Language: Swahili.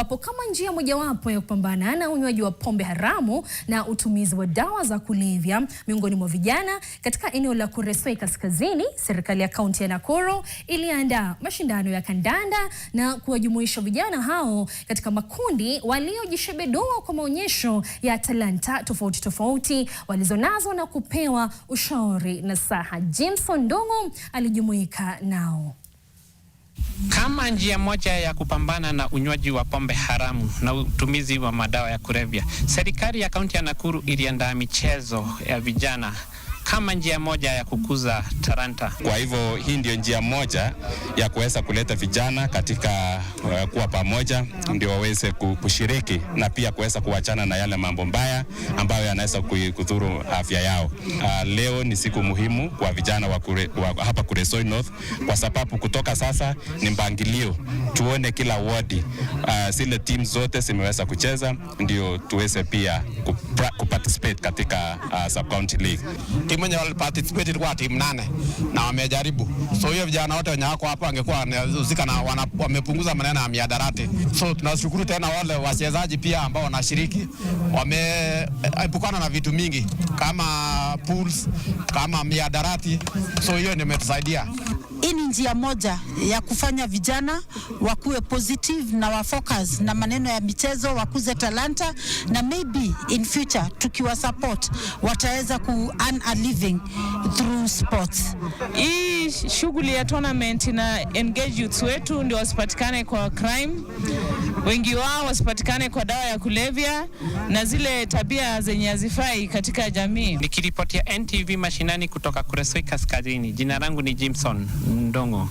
ambapo kama njia mojawapo ya kupambana na unywaji wa pombe haramu na utumizi wa dawa za kulevya miongoni mwa vijana katika eneo la Kuresoi Kaskazini, serikali ya kaunti ya Nakuru iliandaa mashindano ya kandanda na kuwajumuisha vijana hao katika makundi waliojishebedua kwa maonyesho ya talanta tofauti tofauti walizonazo na kupewa ushauri na saha. Jameson Ndung'u alijumuika nao. Kama njia moja ya kupambana na unywaji wa pombe haramu na utumizi wa madawa ya kulevya, serikali ya kaunti ya Nakuru iliandaa michezo ya vijana kama njia moja ya kukuza talanta. Kwa hivyo hii ndio njia moja ya kuweza kuleta vijana katika uh, kuwa pamoja, ndio waweze kushiriki na pia kuweza kuachana na yale mambo mbaya ambayo yanaweza kudhuru afya yao. Uh, leo ni siku muhimu kwa vijana wa, kure, wa hapa Kuresoi North kwa sababu kutoka sasa ni mpangilio, tuone kila wadi uh, ah, zile timu zote zimeweza kucheza ndio tuweze pia kuparticipate katika uh, ah, sub county league timu yenye waliparticipate ilikuwa timu nane na wamejaribu, so hiyo vijana wote wenye wako hapa wangekuwa wanahusika na wamepunguza maneno ya miadarati. So tunashukuru tena wale wachezaji pia ambao wanashiriki, wameepukana eh, na vitu mingi kama pools, kama miadarati, so hiyo nimetusaidia. Hii ni njia moja ya kufanya vijana wakuwe positive na wafocus na maneno ya michezo, wakuze talanta na maybe in future tukiwa support wataweza ku earn a living through sports. Hii shughuli ya tournament ina engage youth wetu ndio wasipatikane kwa crime wengi wao wasipatikane kwa dawa ya kulevya na zile tabia zenye hazifai katika jamii. Nikiripotia NTV mashinani kutoka Kuresoi Kaskazini, jina langu ni Jimson Ndongo.